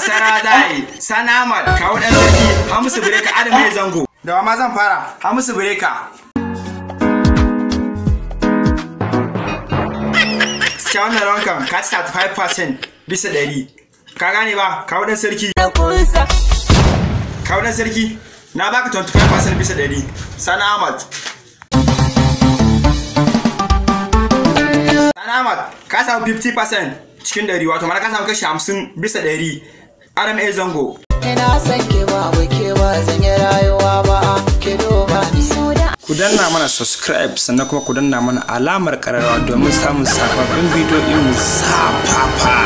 nasara za a yi sanamar kawo ɗan sarki hamisu bireka adam mai zango da ma zan fara hamisu bireka kyawun da rankan ka ci 35% bisa ɗari ka gane ba kawo ɗan sarki kawo ɗan sarki na baka 25% bisa ɗari sana ahmad sana ahmad ka samu 50% cikin ɗari wato mana ka samu kashi 50 bisa ɗari RMA Zango. Ina san ke ba wai ke ba zan yi rayuwa ba ke duba ni. Ku danna mana subscribe sannan kuma ku danna mana alamar kararwa domin samun sababbin bidiyo inu irin zafafa.